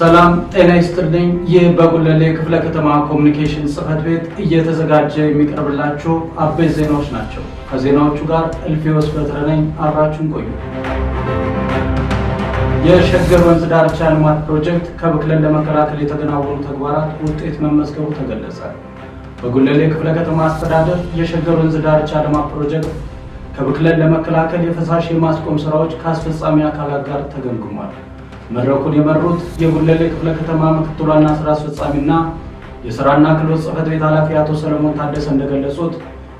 ሰላም ጤና ይስጥልኝ። ይህ በጉለሌ ክፍለ ከተማ ኮሚኒኬሽን ጽህፈት ቤት እየተዘጋጀ የሚቀርብላችሁ አበይት ዜናዎች ናቸው። ከዜናዎቹ ጋር እልፊዮስ በትረ ነኝ። አብራችሁን ቆዩ። የሸገር ወንዝ ዳርቻ ልማት ፕሮጀክት ከብክለን ለመከላከል የተገናወኑ ተግባራት ውጤት መመዝገቡ ተገለጸ። በጉለሌ ክፍለ ከተማ አስተዳደር የሸገር ወንዝ ዳርቻ ልማት ፕሮጀክት ከብክለን ለመከላከል የፈሳሽ የማስቆም ስራዎች ከአስፈጻሚ አካላት ጋር ተገምግሟል። መድረኩን የመሩት የጉለሌ ክፍለ ከተማ ምክትል ዋና ስራ አስፈጻሚና የስራና ክህሎት ጽህፈት ቤት ኃላፊ አቶ ሰለሞን ታደሰ እንደገለጹት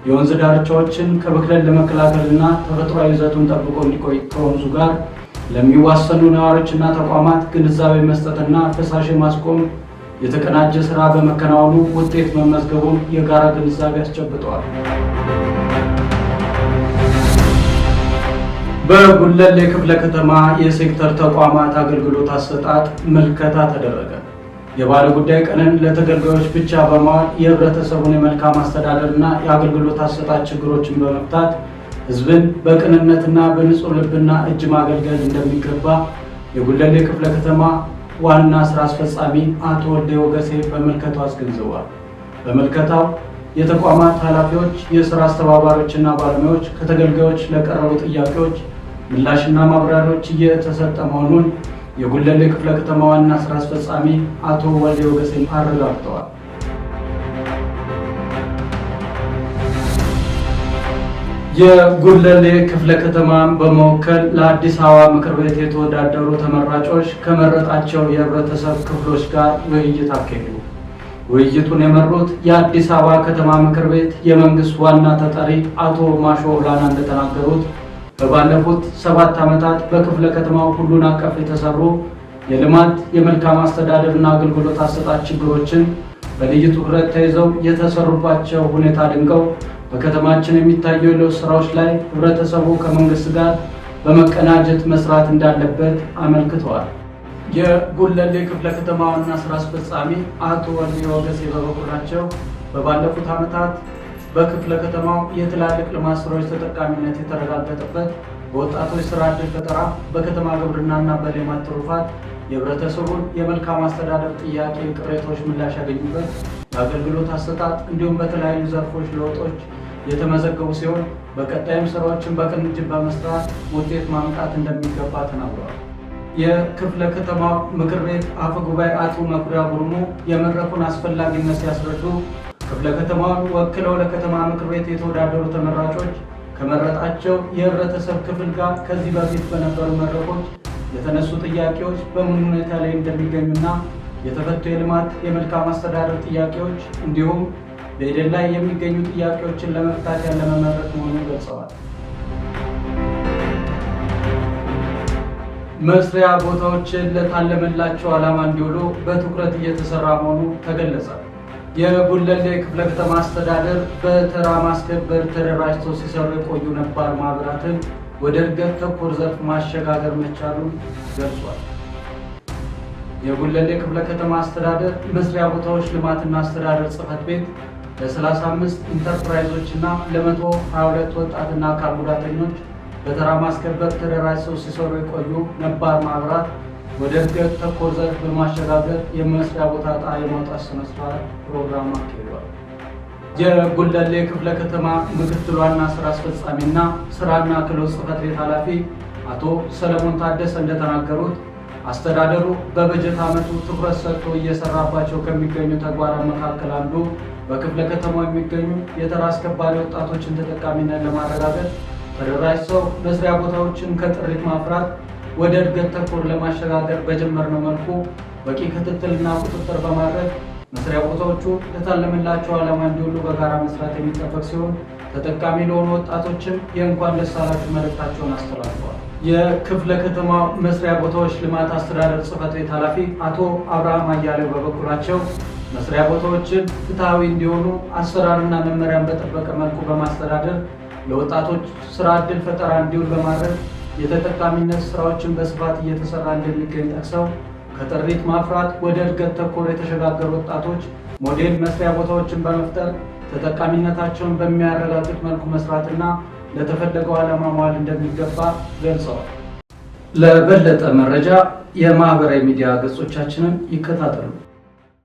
የወንዝ ዳርቻዎችን ከብክለት ለመከላከልና ተፈጥሯዊ ይዘቱን ጠብቆ እንዲቆይ ከወንዙ ጋር ለሚዋሰኑ ነዋሪዎችና ተቋማት ግንዛቤ መስጠትና ፈሳሽ ማስቆም የተቀናጀ ስራ በመከናወኑ ውጤት መመዝገቡን የጋራ ግንዛቤ አስጨብጠዋል። በጉለሌ ክፍለ ከተማ የሴክተር ተቋማት አገልግሎት አሰጣጥ ምልከታ ተደረገ። የባለ ጉዳይ ቀንን ለተገልጋዮች ብቻ በማዋል የህብረተሰቡን የመልካም አስተዳደርና የአገልግሎት አሰጣጥ ችግሮችን በመፍታት ህዝብን በቅንነትና በንጹህ ልብና እጅ ማገልገል እንደሚገባ የጉለሌ ክፍለ ከተማ ዋና ስራ አስፈጻሚ አቶ ወልደ ወገሴ በምልከታው አስገንዝበዋል። በምልከታው የተቋማት ኃላፊዎች፣ የስራ አስተባባሪዎችና ባለሙያዎች ከተገልጋዮች ለቀረቡ ጥያቄዎች ምላሽና ማብራሪያዎች እየተሰጠ መሆኑን የጉለሌ ክፍለ ከተማ ዋና ስራ አስፈጻሚ አቶ ዋልዴ ወገሰኝ አረጋግጠዋል። የጉለሌ ክፍለ ከተማን በመወከል ለአዲስ አበባ ምክር ቤት የተወዳደሩ ተመራጮች ከመረጣቸው የህብረተሰብ ክፍሎች ጋር ውይይት አካሄዱ። ውይይቱን የመሩት የአዲስ አበባ ከተማ ምክር ቤት የመንግስት ዋና ተጠሪ አቶ ማሾ ላና እንደተናገሩት በባለፉት ሰባት ዓመታት በክፍለ ከተማው ሁሉን አቀፍ የተሰሩ የልማት የመልካም አስተዳደርና አገልግሎት አሰጣጥ ችግሮችን በልዩ ትኩረት ተይዘው የተሰሩባቸው ሁኔታ አድንቀው በከተማችን የሚታየው የለውጥ ስራዎች ላይ ህብረተሰቡ ከመንግስት ጋር በመቀናጀት መስራት እንዳለበት አመልክተዋል። የጉለሌ ክፍለ ከተማ ዋና ስራ አስፈጻሚ አቶ ወልዴ ወገሴ በበኩላቸው በባለፉት ዓመታት በክፍለ ከተማው የትላልቅ ልማት ስራዎች ተጠቃሚነት የተረጋገጠበት በወጣቶች ስራ ዕድል ፈጠራ፣ በከተማ ግብርናና በሌማት ትሩፋት የህብረተሰቡን የመልካም አስተዳደር ጥያቄ ቅሬታዎች ምላሽ ያገኙበት የአገልግሎት አሰጣጥ እንዲሁም በተለያዩ ዘርፎች ለውጦች የተመዘገቡ ሲሆን በቀጣይም ስራዎችን በቅንጅት በመስራት ውጤት ማምጣት እንደሚገባ ተናግረዋል። የክፍለ ከተማ ምክር ቤት አፈ ጉባኤ አቶ መኩሪያ ጉርሙ የመድረኩን አስፈላጊነት ሲያስረዱ ክፍለ ከተማውን ወክለው ለከተማ ምክር ቤት የተወዳደሩ ተመራጮች ከመረጣቸው የህብረተሰብ ክፍል ጋር ከዚህ በፊት በነበሩ መድረኮች የተነሱ ጥያቄዎች በምን ሁኔታ ላይ እንደሚገኙና የተፈቱ የልማት የመልካም አስተዳደር ጥያቄዎች እንዲሁም በሂደት ላይ የሚገኙ ጥያቄዎችን ለመፍታት ያለመ መድረክ መሆኑን ገልጸዋል። መስሪያ ቦታዎችን ለታለመላቸው ዓላማ እንዲውሉ በትኩረት እየተሰራ መሆኑ ተገለጸ። የጉለሌ ክፍለ ከተማ አስተዳደር በተራ ማስከበር ተደራጅተው ሲሰሩ የቆዩ ነባር ማህበራትን ወደ እድገት ተኮር ዘርፍ ማሸጋገር መቻሉን ገልጿል። የጉለሌ ክፍለ ከተማ አስተዳደር መስሪያ ቦታዎች ልማትና አስተዳደር ጽህፈት ቤት ለ35 ኢንተርፕራይዞችና ለ122 ወጣትና አካል ጉዳተኞች በተራ ማስከበር ተደራጅተው ሲሰሩ የቆዩ ነባር ማህበራት ወደ እድገት ተኮር ዘርፍ በማሸጋገር የመስሪያ ቦታ ዕጣ የማውጣት ስነ ስርዓት ፕሮግራም አካሂዷል። የጉለሌ ክፍለ ከተማ ምክትል ዋና አስፈጻሚና ስራና ክህሎት ጽሕፈት ቤት ኃላፊ አቶ ሰለሞን ታደሰ እንደተናገሩት አስተዳደሩ በበጀት ዓመቱ ትኩረት ሰጥቶ እየሰራባቸው ከሚገኙ ተግባራት መካከል አንዱ በክፍለ ከተማው የሚገኙ የተራ አስከባሪ ወጣቶችን ተጠቃሚነት ለማረጋገጥ ተደራጅተው መስሪያ ቦታዎችን ከጥሪት ማፍራት ወደ እድገት ተኮር ለማሸጋገር በጀመርነው መልኩ በቂ ክትትልና ቁጥጥር በማድረግ መስሪያ ቦታዎቹ ለታለመላቸው ዓላማ እንዲውሉ በጋራ መስራት የሚጠበቅ ሲሆን ተጠቃሚ ለሆኑ ወጣቶችም የእንኳን ደስ አላችሁ መልእክታቸውን አስተላልፈዋል። የክፍለ ከተማ መስሪያ ቦታዎች ልማት አስተዳደር ጽፈት ቤት ኃላፊ አቶ አብርሃም አያሌው በበኩላቸው መስሪያ ቦታዎችን ፍትሐዊ እንዲሆኑ አሰራርና መመሪያን በጠበቀ መልኩ በማስተዳደር ለወጣቶች ስራ እድል ፈጠራ እንዲውል በማድረግ የተጠቃሚነት ስራዎችን በስፋት እየተሰራ እንደሚገኝ ጠቅሰው ከጥሪት ማፍራት ወደ እድገት ተኮር የተሸጋገሩ ወጣቶች ሞዴል መስሪያ ቦታዎችን በመፍጠር ተጠቃሚነታቸውን በሚያረጋግጥ መልኩ መስራትና ለተፈለገው ዓላማ መዋል እንደሚገባ ገልጸዋል። ለበለጠ መረጃ የማህበራዊ ሚዲያ ገጾቻችንን ይከታተሉ።